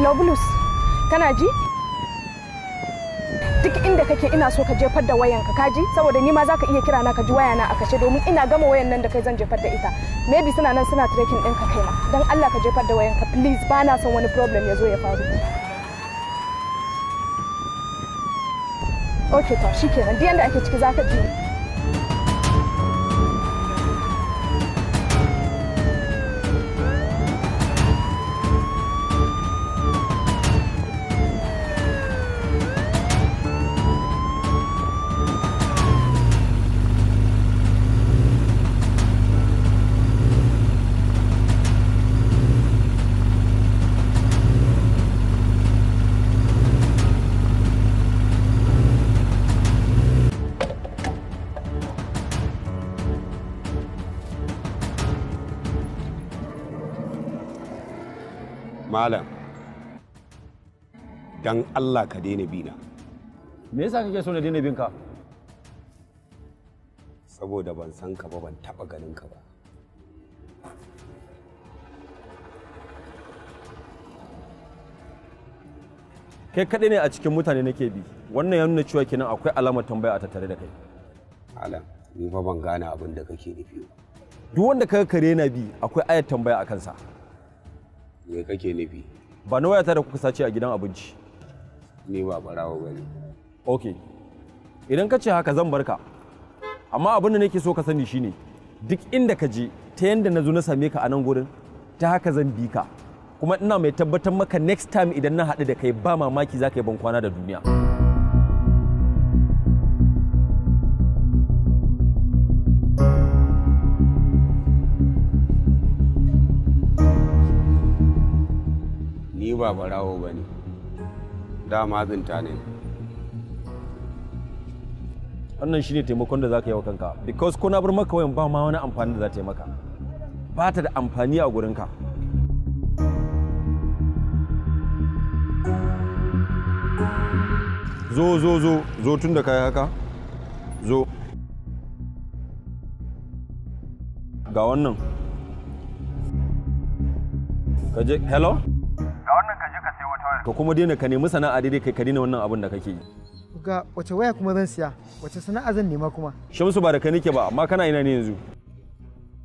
Hello Blues, kana ji? Duk inda kake ina so ka jefar da wayanka kaji saboda ni ma za ka iya kira na ka ji wayana a kashe domin ina gama wayan nan da kai zan jefar da ita. Maybe suna nan suna tracking ka kai ma. Don Allah ka jefar da wayanka please ba na son wani problem ya zo ya faru. Okay to shikenan duk yanda ake ciki za ji. malam dan Allah ka daina bina me yasa kake so na daina binka saboda ban san ka ba ban taba ganin ka ba kai kaɗai ne a cikin mutane nake bi wannan ya nuna cewa kenan akwai alamar tambaya a tattare da kai alam ni fa ban gane abin da kake nufi duk wanda kaga kare na bi akwai ayar tambaya a kansa me kake nufi ba na wayata da kuka sace a gidan abinci ni ba barawa ba ne ok idan ka ce haka zan barka amma abin da nake so ka sani shine duk inda ka je ta yanda na zo na same ka a nan gurin ta haka zan bi ka kuma ina mai tabbatar maka next time idan na haɗu da kai ba mamaki za ka yi bankwana da duniya. ba barawo ba ne dama zinta ne wannan shine taimakon da za ka yi wa kanka because ko na bar maka wayan ba ma wani amfani da za ta yi maka ba ta da amfani a gurinka zo zo zo zo tun da kai haka zo ga wannan ka je hello ka kuma daina ka nemi sana'a daidai kai ka daina wannan abin da kake yi ga wace waya kuma zan siya wace sana'a zan nema kuma shamsu ba da ka nake ba amma kana ina ne yanzu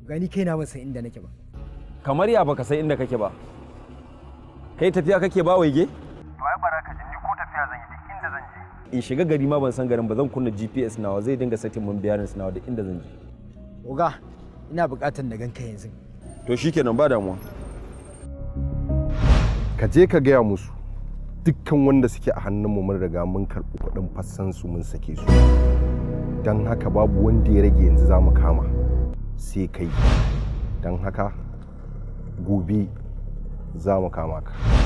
gani kaina ban san inda nake ba kamar ya baka san inda kake ba kai tafiya kake ba waige to ai ka ji ko tafiya zan yi duk inda zan je in shiga gari ma ban san garin ba zan kunna GPS nawa zai dinga satin mun bayanin nawa da inda zan je oga ina buƙatar na ganka yanzu to shikenan ba damuwa ka je ka gaya musu dukkan wanda suke a hannun mu mun riga mun karɓi kuɗin fassan su mun sake su don haka babu wanda ya rage yanzu za mu kama sai kai don haka gobe za mu kama ka